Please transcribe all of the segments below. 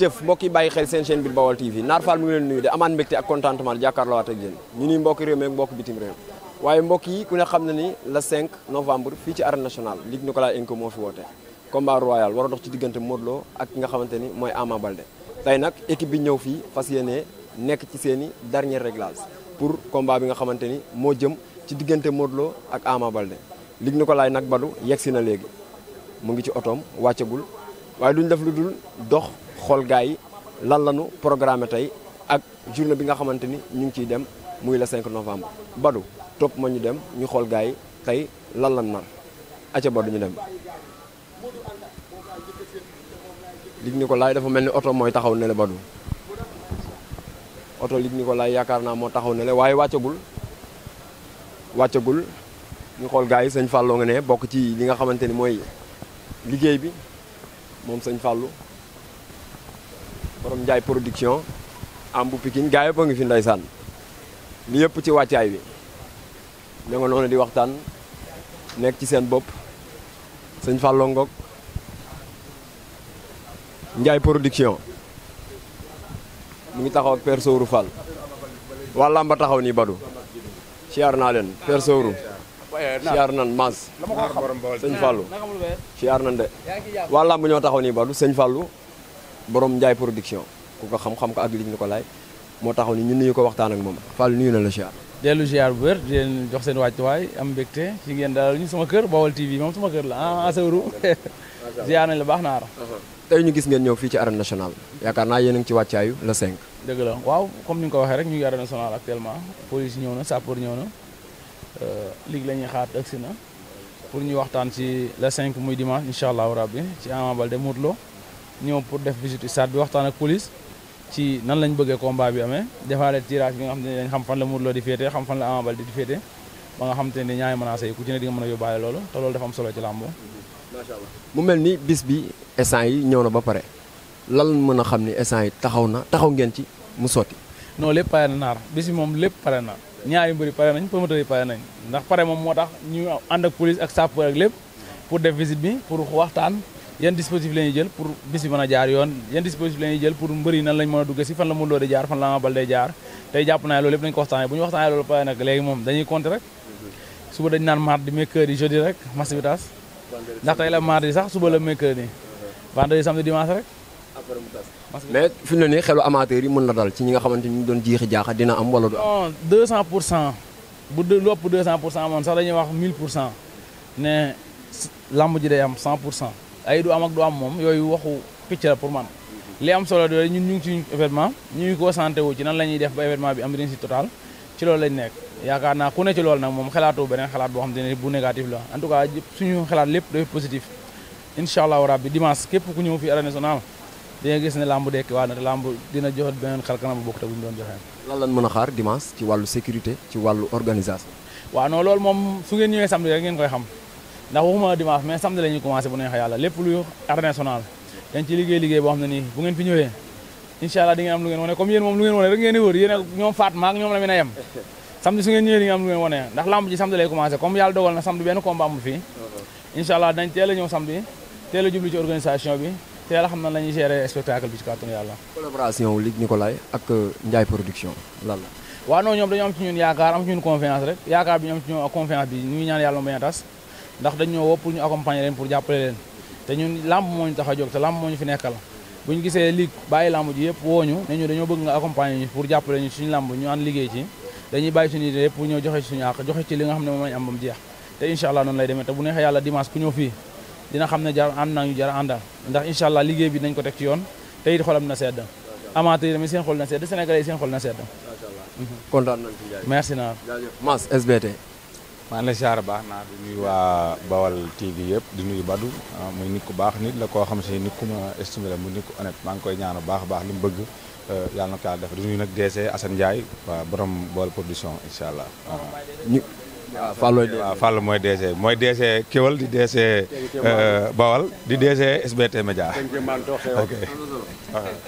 jëf mbokk yi bàyyi xel seen chaîne bi Baol TV Naar Fall mu ngi leen nuyu de amaan mbégte ak contentement jàkkaarloowaat ak yéen ñu nuy mbokki réew mi ak mbokk bitim réew waaye mbokk yi ku ne xam na ni la 5 novembre fii ci arène national Ligue Nicolas Enko moo fi woote combat royal war a dox ci diggante Modou Lo ak nga xamante ni mooy Ama Baldé tey nag équipe bi ñëw fii fas yéenee nekk ci seen i dernier réglage pour combat bi nga xamante ni moo jëm ci diggante Modou Lo ak Ama Baldé Ligue Nicolas nag Badou yegg si na léegi mu ngi ci otoom wàccagul waaye duñ def lu dul dox xool gars yi lan la ñu tey ak journée bi nga xamante ni ñu ngi ciy dem muy la 5 novembre. Badou topp ma ñu dem ñu xool gaa yi tey lan la nar acca Badou ñu dem. Luc Nicolaï dafa mel ni oto mooy taxaw ne la Badou oto Luc Nicolaï yaakaar naa moo taxaw ne waaye wàccagul wàccagul ñu xool gars yi sëñ Fallou bokk ci li nga xamante ni mooy liggéey bi moom sëñ Fallou. borom njaay production am bu Pikine gaa yëpp a ngi fi saan li yëpp ci wàccaay bi ña nga di waxtaan nekk ci seen bopp sëñ Fallou Ngok Ndiaye production mu ngi taxaw ak Père Sowru Fall waa taxaw nii Badou siyaar naa leen Père Sowru siyaar nan Mass sëñ Fallou siyaar nan ñoo taxaw nii Badou sëñ Fallou borom Ndiaye production ku ko xam-xam ko ak liñ ko laay moo taxaw ni ñu nuyu ko waxtaan ak moom Fall nuyu na la ziar. dellu ziar bu wér di leen jox seen wàccuwaay am mbégte ci ngeen daal ñu sama kër Baol TV moom sama kër la ah asawru ziar nañ la baax naar uh-huh. tey ñu gis ngeen ñëw fii ci arène national yaakaar naa yéen a ngi ci wàccaayu le 5. dëgg la waaw comme ni nga ko waxee rek ñu ngi arène nationale actuellement police ñëw na sapeur ñëw na euh, ligue la ñuy xaar agsi na pour ñu waxtaan ci le 5 muy dimanche incha allahu rabbi ci Ama Baldé Lo ñëw pour def visite stade bi waxtaan ak police ci nan lañ bëggee combat bi amee defaale tirage bi nga xam ne dañ xam fan la Modou te ne a yóbbaale loolu te loolu dafa mu mel ni bis bi instant yi ñëw na ba pare lan mën a xam ni instant yi taxaw na taxaw ngeen ci mu sotti. non lépp pare na naar bis bi moom lépp pare na ñaari mbëri pare nañ promoteur yi pare nañ ndax pare moom moo tax ñu ànd ak police ak sapeur ak lépp pour def visite bi pour waxtaan yan dispositif la ñuy jël pour bis bi mën a jaar yoon yan dispositif la ñuy jël pour mbër yi nan lañ mën a dugg si fan la Modou Lô di jaar fan la Ama Baldé jaar tey jàpp naa loolu yëpp dañ ko waxtaanee bu ñu waxtaanee loolu pare nag léegi moom dañuy compter rek suba dañ naan mardi mercredi jeudi rek match bi tas ndax tey la mardi sax suba la mercredi vendredi samedi dimanche rek mais fi mu ne nii xelu amateur yi mën na dal ci ñi nga xamante ni ñu doon jiixi jaaxa dina am wala du am. deux cent pour cent bu lu ëpp moom sax dañuy wax mille pour cent ne làmb ji day am cent pour cent ay du am ak du am moom yooyu waxu picc la pour man li am solo yooyu ñun ñu ngi ci événement ñu ngi santé wu ci nan la ñuy def ba événement bi am réussite totale ci loolu lañ nekk yaakaar naa ku ne ci lool nag moom xalaatoo beneen xalaat boo xam ne bu négatif la en tout cas suñu xalaat lépp képp ku ñëw fi arène nationale di nga gis ne làmb dekki waa dina joxe beneen xel kanam bu bokk te doon joxe lan lañ mën a xaar dimanche ci wàllu sécurité ci wàllu organisation waaw non loolu moom su ngeen ñëwee samedi rek ngeen koy xam ndax waxuma dimanche mais samedi la ñuy commencé bu neexee yàlla lépp luy arène dañ ci liggéey liggéey boo xam ne nii bu ngeen fi ñëwee incha allah di ngeen am lu ngeen wane comme yéen moom lu ngeen wane rek ngeen di wër yéen ak ñoom faat maak ñoom la mën a yem samedi su ngeen ñëwee di am lu ngeen wane ndax lamb ji samedi lay commencé comme yàlla dogal na samedi benn combat amul fii incha allah dañ a ñëw samedi teel a jublu ci organisation bi teel a xam ndax dañ ñoo woo pour ñu accompagner leen pour jàppale leen te ñun làmb moo ñu tax a jóg te làmb moo ñu fi nekkal bu ñu gisee ligue bàyyi làmb ji yëpp woo ñu ne ñu dañoo bëgg nga accompagne ñu pour jàppale ñu suñu làmb ñu ànd liggéey ci dañuy bàyyi suñu yëpp pour ñëw joxe ci suñu àq joxe ci li nga xam ne moom lañ am ba mu jeex te incha allah noonu lay demee te bu neexee yàlla dimanche ku ñëw fii dina xam ne jar ànd naa ñu jar ndax incha allah liggéey bi nañ ko teg ci yoon te it xolam na sedd na sedd sénégalais yi seen xol na sedd kontaan nañ ci maa ngi lay ziar baax naa di nuyu waa Bawal TV yëpp di nuyu Badu ah, muy nit ku baax nit la koo xam si nit ku ma estimé la muy maa ngi koy ñaanu baax baax li mu bëgg eh, yàlla na ko yàlla def di nuyu nag DG Assane Ndiaye waa borom Bawal production incha allah. waaw ah, Fallou waaw Fallou mooy DG mooy DG Kewal di DG eh, Bawal di DG SBT Média. ok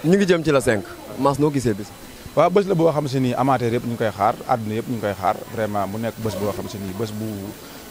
ñu ngi jëm ci la cinq mas noo gisee bis. waaw bës la boo xam si ni amateur yëpp ñu koy xaar àdduna yëpp ñu ngi koy xaar vraiment mu nekk bés boo xam si ni bés bu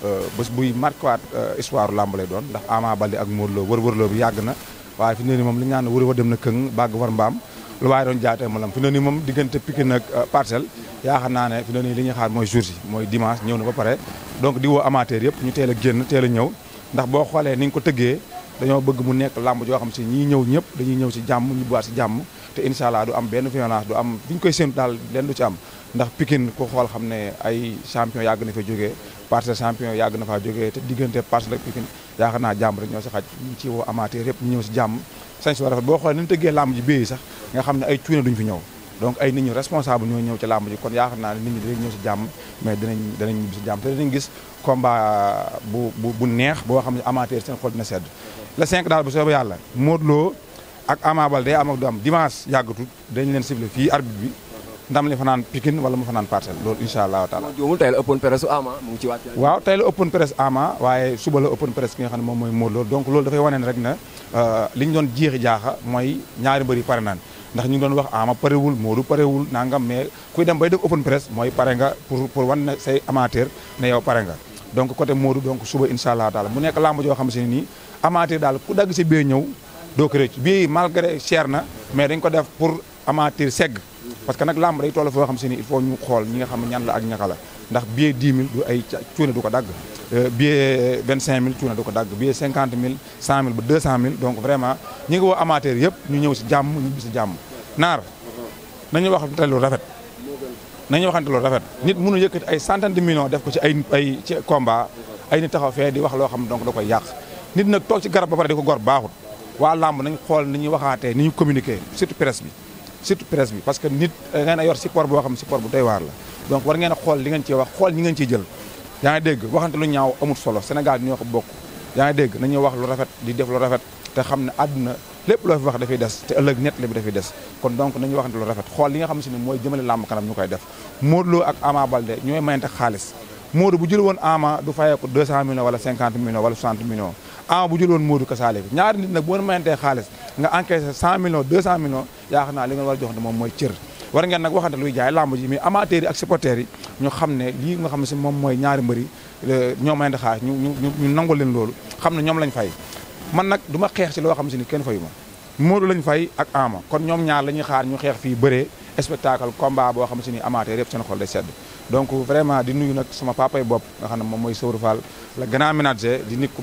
euh, bés buy marquewaat euh, histoire làmb lay doon ndax Ama Baldé ak Modou Lo wër-wërloo bi yàgg na waaye fi moom li ñu naan wër wa dem na këng bàgg war mbaam lu waaye doon jaatee malam fi ne nii moom diggante Pikine ak euh, Parcelles yaakaar naa ne fi mu ne li ñuy xaar mooy jour yi mooy dimanche ñëw na ba pare donc di woo amateur yëpp ñu teel a génn teel a ñëw ndax boo xoolee ni ñu ko tëggee dañoo bëgg mu nekk làmb joo xam si ñii ñëw ñëpp dañuy ñëw si jàmm ñibbiwaat si jàmm te incha allah du am benn violence du am fi ñu koy séntu daal leen du ci am ndax Pikine ko xool xam ne ay champion yàgg na fa jógee Parcelles champion yàgg na faa jógee te diggante Parcelles ak Pikine yaakaar naa jàmm rek ñoo si xaj ñu ci jàmm sañ si war rafet boo xoolee ni ñu tëggee làmb ji béy sax nga xam ne ay cuune duñ fi ñëw donc ay nit ñu responsable ñoo ñëw ci làmb ji kon yaakaar naa ne nit ñi dinañ ñëw si jàmm mais dinañ dinañ ñibbi si jàmm te dinañ gis combat bu neex boo xam ne amateur seen xol dina sedd le 5 daal bu soobee yàlla Modou ak Ama Baldé am ak du am dimanche yàggatul dañ leen ciblé fii arbitre bi ndam li fanaan Pikine wala mu fanaan Parcelles loolu incha allahu taala. la open waaw tey la open press Ama waaye suba la open press ki nga mooy Modou Lo donc loolu dafay wane rek na euh, li doon jeexi jaaxa mooy ñaari mbër pare naan ndax ñu doon wax Ama parewul Modou parewul nangam mais kuy dem bay def open press mooy pare nga pour pour say amateur ne yow pare nga. donc côté doo ko rëcc bii malgré cher na mais dañ ko def pour amatir segg parce que nag làmb day toll foo xam si ni il faut ñu xool ñi nga xam ne ñan la ak ñaka la ndax billet 10 000 du ay euh, cuune du ko dagg billet 25 000 mille du ko dagg billet 50 000 100 000 ba 200 000 donc vraiment ñi ngi woo amateur yëpp ñu ñëw si jàmm ñu bis si jàmm naar nañu waxante lu rafet nañu waxante lu rafet nit mënu yëkkati ay centaine de million def ko ci ay ay ci combat ay nit taxaw fee di wax loo xam donc da koy yàq nit na toog ci garab ba pare di ko gor baaxut waa làmb nañ xool ni ñuy waxaatee ni ñu communiquer surtout presse bi surtout presse bi parce que nit ngeen a yor support boo xam support bu doy waar la donc war ngeen a xool li ngeen a wax xool ñi ngeen ciy jël yaa ngi dégg waxante lu ñaaw amut solo Sénégal ñoo bokk yaa ngi dégg nañuy wax lu rafet di def rafet te xam ne àdduna lépp loo fi wax dafay des te ëllëg nett li bi dafay des kon donc nañuy waxante lu rafet xool li nga xam si ne mooy jëmale làmb kanam ñu koy def Modou Lo ak Ama Baldé ñooy mayante xaalis Modou bu jël woon Ama du wala 50 millions wala 60 millions ama bu jëloon Modou kasaale bi ñaari nit nag boo mayantee xaalis nga encaissé 100 millions 200 millions yaakaar naa li war a jox moom mooy cër war ngeen nag waxante luy jaay làmb ji mais amateurs ak supporters ñu xam ne lii nga xam ne si moom mooy ñaari mbëri ñoo mayante xaalis ñu ñu nangul leen loolu xam ne ñoom lañ fay man nag du ma xeex si loo xam si ni kenn fayu ma Modou lañ fay ak Ama kon ñoom ñaar la ñuy xaar ñu xeex fii bëree spectacle combat boo xam ni amateur yëpp seen xol day sedd donc vraiment di nuyu bopp xam ne moom mooy Sowru Fall la grand ménager di nit ku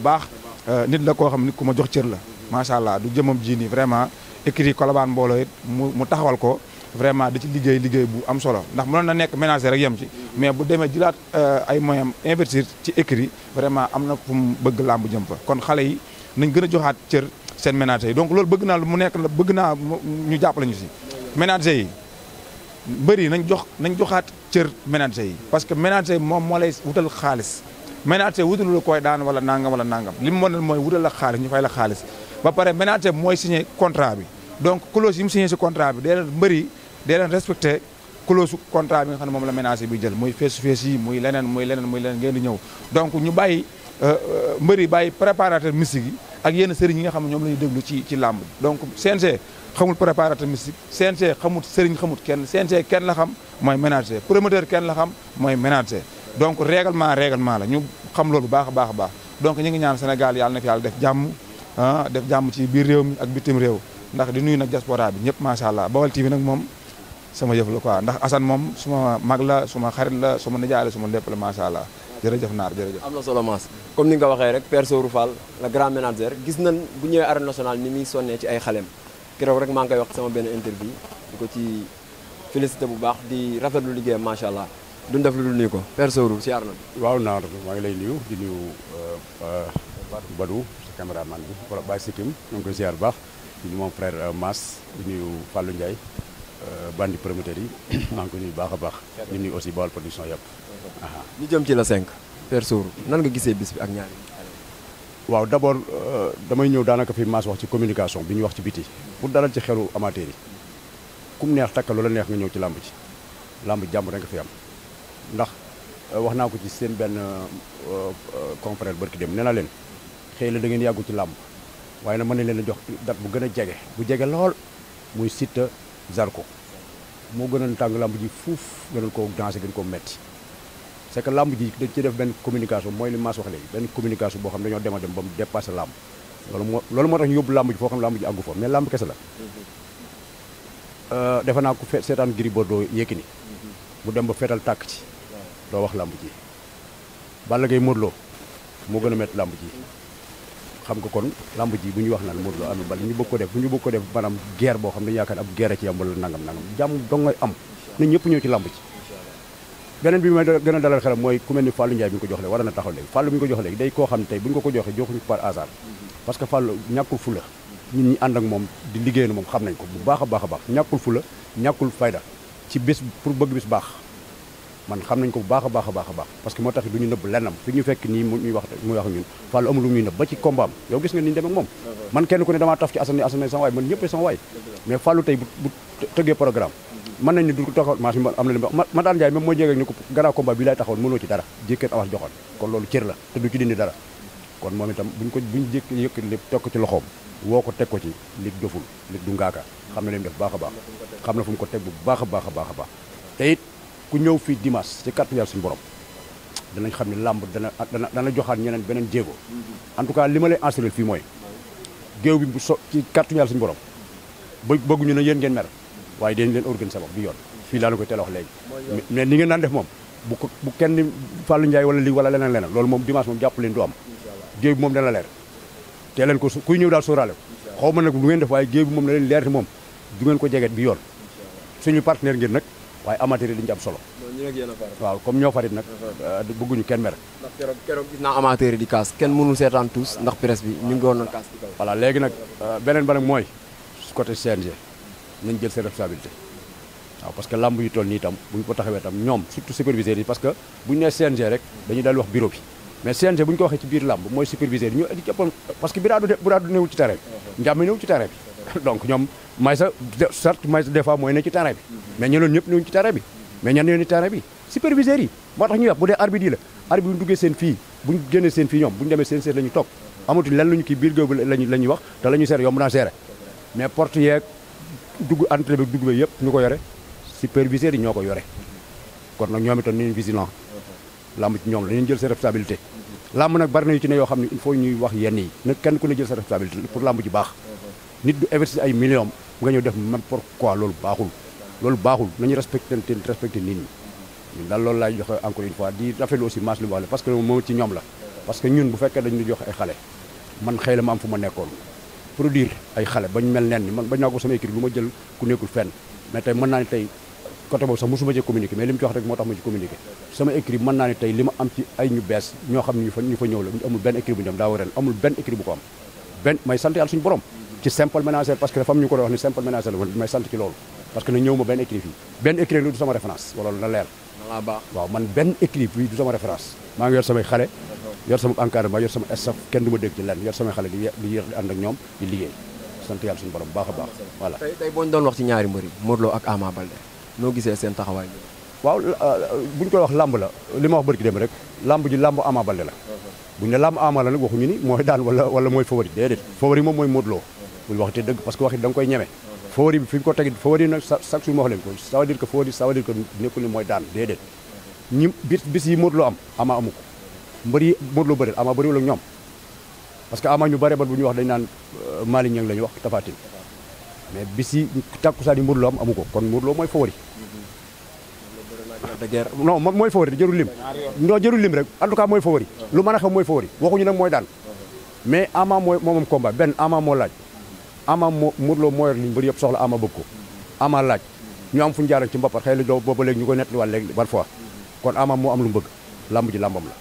Euh, nit la koo xam ni ku ma jox cër la macha allah du jëmam ji nii vraiment écrit Colobane mbooloo it mu mu taxawal ko vraiment di ci liggéey liggéey bu am solo ndax mënoon na nekk ménager rek yem ci mais bu demee jilaat euh, ay moyens investir ci écrit vraiment am na fu mu bëgg làmb jëm fa kon xale yi nañ gën a joxaat cër seen ménager yi donc loolu bëgg naa mu nekk bëgg naa ñu jàppale ñu si ménager yi mbëri nañ jox nañ joxaat cër ménager yi parce que ménager yi moom moo lay wutal xaalis ménaate wutalu la koy daan wala nangam wala nangam li mu mënal mooy wutal la xaalis ñu fay la xaalis ba pare ménaate mooy signé contrat bi donc clause yi mu signé si contrat bi dee leen mbëri dee leen respecté clause contrat bi nga xam ne moom la ménaate bi jël mooy feesu fees yi muy leneen muy leneen muy leneen ngeen di ñëw donc ñu bàyyi euh, euh, mbëri bàyyi préparateur mystique yi ak yenn sëriñ yi nga xam ñoom la ñu déglu ci ci làmb donc CNG xamul préparateur mystique CNG xamul sëriñ xamul kenn CNG kenn la xam mooy ménager promoteur kenn la xam mooy ménager donc règlement règlement la ñu xam loolu bu baax a baax a baax donc ñu ngi ñaan Sénégal yàlla na fi def jàmm ah def jàmm ci biir réew mi ak bitim réew ndax di nuyu nag diaspora bi ñëpp macha allah Baol TV nag moom sama yëf la quoi ndax Assane moom suma mag la suma xarit la suma nijaay la suma lépp la macha allah jërëjëf naar jërëjëf. am na solo Mass comme ni nga ko waxee rek Père Sourou Fall le grand manager gis nañ bu ñëwee arène nationale ni muy sonnee ci ay xalem keroog rek maa ngi koy wax sama benn interview di ko ci félicité bu baax di rafetlu liggéeyam macha allah duñ def lu dul nuyu ko Père Sourou si Arna bi. waaw naa maa ngi lay nuyu di nuyu euh, Badou sa man bi wala Baye Sikkim ñoo ngi koy ziar bu baax di nuyu moom frère euh, Mass di nuyu Fallou Ndiaye euh, bandi promoteur yi maa ngi ko nuyu baax a baax di nii aussi Baol production yëpp. ñu jëm ci la 5 Père Sourou nan nga gisee bis bi ak ñaari. waaw d' abord damay ñëw daanaka fi Mass wax ci communication bi ñu wax ci biti pour dalal ci xelu amateur yi kum neex takka loola neex nga ñëw ci làmb ci làmb jàmm rek nga fi am. ndax euh, wax naa ko ci seen benn euh, euh, confrère barki dem nee leen xëy na da ngeen yàggu ci làmb waaye na mën nañ leen a jox date bu gën a jege bu jege lool muy Siteu Zarko moo gënoon tàng làmb ji fuuf gënoon koo dansé gën koo metti c'est que làmb ji dañ ci def benn communication mooy li maas wax léegi benn communication boo xam ne dañoo dem a dem ba mu dépassé làmb loolu moo loolu moo tax ñu yóbbu làmb ji foo xam làmb ji àggu fa mais làmb kese la defe naa ko seetaan Gris Bordeaux Yékini mu dem ba feetal tàkk ci doo wax làmb ji Balla Gaye Modou Lo moo gën a métti làmb ji xam nga kon ji bu ñu wax naan Modou Lo am bal ñu bëgg def bu ñu bëgg ko def boo xam ne yaakaar ab guerre ci am wala nangam nangam jàmm dong ngay am na ñëpp ñëw ci làmb ji beneen bi may gën a dalal xelam mooy ku mel ni Fallou Ndiaye bi ñu ko jox léegi war na taxaw léegi Fallou bi ñu ko jox léegi day koo xam ne tey bu ñu ko ko joxee joxuñu ko par hasard parce que Fallou ñàkkul fula nit ñi ànd ak moom di liggéey na moom xam nañ ko bu baax a baax a baax ñàkkul fula ñàkkul fayda ci bis pour bëgg bés baax man xam nañ ko bu baax a baax baax baax ba ci combat am yow gis nga ni ñu demee mën nañ ne du ma daan Ndiaye même moo jege ni ko gannaaw combat bi laay taxawoon mënoo ci dara jékkeen avance joxoon itam buñ ko buñ jékk yëkk lépp teg ko ci loxoom woo ko ko ci lig doful lig xam na leen def baax a baax xam na fu ko teg bu baax a baax a baax a baax te ku ñëw fii dimanche ci kàttu yàlla suñu borom danañ xam ne làmb dana dana dana joxaat ñeneen beneen jéego en tout cas li ma lay enseigner fii mooy géew bi bu so ci kàttu yàlla suñu borom bëgguñu ne yéen ngeen mer waaye dañ leen organiser wax bi yoon fii laa la koy teel a wax léegi mais ni ngeen naan def moom bu ko bu kenn Fallou Ndiaye wala lii wala leneen leneen loolu moom dimanche moom jàpp leen du am géew bi moom dana leer tee leen ko kuy ñëw daal sóoraale ko xaw ma nag lu ngeen def waaye géew bi moom na leer moom du ko jegeet bi yoon suñu partenaire ngeen nag waaye amateur yi dañu am solo waaw comme ñoo farit nag euh, bëgguñu kenn mer ndax keroog gis naa amateur yi di kaas kenn mënul seetaan tous ndax presse bi ñu ngi woon noon kaas di kaw voilà léegi nag euh, beneen ba nag mooy côté CNG nañ jël seen responsabilité waaw parce que lamb yu toll nii itam bu ñu ko taxawee itam ñoom surtout superviseurs yi parce que bu ñu nee CNG rek dañuy daal wax bureau mais CNG bu ko waxee ci biir lamb mooy superviseur yi ñoo di jëppoon parce que biraadu biraadu newul ci terrain uh-huh. ci terrain donc ñoom Maïssa certes Maïssa des fois mooy ne ci terrain bi mais ñeneen ñëpp ñëwuñu ci terrain bi mais ñan ñoo ci terrain bi yi moo tax ñuy wax bu dee arbitre yi la arbitre bu ñu duggee seen fii bu ñu génnee seen fii ñoom bu ñu demee seen seet la toog amatuñ lan lañu kii biir géew bi lañu la ñuy wax te la ñuy seere yomb naa seere mais porte yeeg dugg entrée bi yëpp ñu ko yore superviseurs yi ñoo ko yore kon nag ñoom itam ñu vigilant làmb ci ñoom la ñu jël seen responsabilité làmb nag bari na yu ci ne yoo xam ne il ñuy wax yenn yi kenn ku ne jël sa responsabilité pour làmb ci baax nit du investir ay millions nga ñëw def n'importe quoi loolu baaxul loolu baaxul nañu respecté te respecté nit ñi daal loolu laay joxe encore une fois di rafetlu aussi maas li mu wax la parce que moom ci ñoom la parce que ñun bu fekkee dañu jox ay xale man xëy la am fu ma nekkoon produire ay xale bañ mel nen ni bañ naa ko sama équipe lu ma jël ku nekkul fenn mais tey mën naa ne tey côté boobu sax mosuma ci communiqué mais li mu ci rek moo tax ma ci communiqué sama équipe am ci ay ñu bees ñoo xam ne ñu fa ñu benn équipe bu ñu am ci simple ménagère parce que dafa am ñu ko doon wax ni simple ménagère la woon may sant ci loolu parce que na ñëw ma benn écrit fii benn écrit lu du sama référence wala na leer waaw man benn écrit bi du sama référence maa ngi yor samay xale yor sama encadrement yor sama staff kenn du ma dégg ci lenn yor samay xale di di yéex di ànd ak ñoom di liggéey sant yàlla suñu borom baax a baax voilà tey boo ñu doon wax ci ñaari mbër yi Modou Lo ak Ama Baldé noo gisee seen taxawaay waaw euh, bu ñu koy wax làmb la li ma wax bërki dem rek làmb ji làmb Ama Baldé la uh-huh. bu ñu ne làmb Ama la nag waxuñu ni mooy daan wala wala mooy favori déedéet favori moom mooy Modou Lo bul waxati dëgg parce que waxi da koy ñeme favori bi fi ñu ko tegit favori nag ko ça mooy daan déedéet ñi bis bis yi Modou Lo am ama amu ko mbër yi Modou Lo bëri ama bëriwul ak ñoom parce que ama ñu bare ba bu ñuy wax dañ naan euh, maali Niang la ñuy wax tafatin mais bis yi takkusaan yi Modou am amu ko kon Modou Lo mooy favori non mooy favori jërul lim non jërul lim rek en tout cas mooy favori lu mën a xew mooy favori waxuñu nag mooy daan mais ama mooy moom combat benn ama moo laaj ama moo Modou Lo moo yor liñ bëri yëpp soxla ama bëgg ko ama laaj ñu am fu ñu ci mbappat xëy na doo booba léegi ñu koy nettali waat léegi parfois kon ama moo am lu mu bëgg làmb làmbam la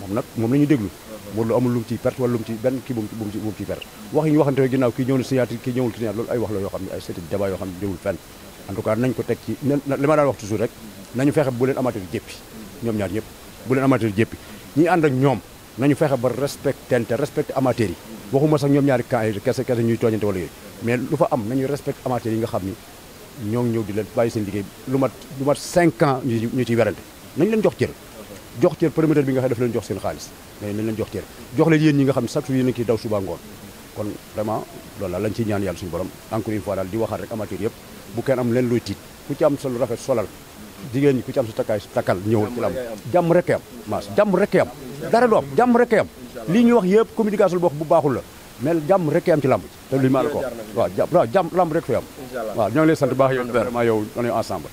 moom nag moom la ñu déglu Modou Lo amul lu mu ciy perte wala lu mu ci benn kii bu mu bu mu ciy perte wax yi waxante rek ginnaaw kii ñëw na signature loolu ay wax la yoo xam ne ay seeti débat yoo xam ne jëwul fenn en nañ ko teg ci li ma daan wax toujours rek nañu fexe ñëpp bu leen amateur jéppi ñi ànd ak ñoom nañu fexe ba respecté te respecté amateurs yi waxuma sax ñoom ñaari camp yi kese kese ñuy tooñante wala yooyu mais lu fa am nañu respecté amateurs yi nga xam ni ñoo ñëw di leen bàyyi seen liggéey lu mat lu mat 5 ans ñu ñu ciy werante nañ leen jox cër jox cër promoteur bi nga xam daf leen jox seen xaalis mais nañ leen jox cër jox leen yéen ñi nga xam ne chaque jour yéen a ngi ciy daw suba ngoon kon vraiment loolu la lañ ñaan yàlla suñu borom encore une fois daal di waxaat rek amateurs yëpp bu kenn am leen looy tiit ku ci am solo rafet solal jigéen ñi ku ci am su takkaay su takkal ñëwul ci lamb jàmm rek am maas jàmm rek am dara du am jàmm rek am wax yëpp communication boo bu baaxul la mais jàmm rek am ci lamb te luy maa la ko waaw waaw jàmm lamb rek fi am waaw ñoo baax yow vraiment yow on ensemble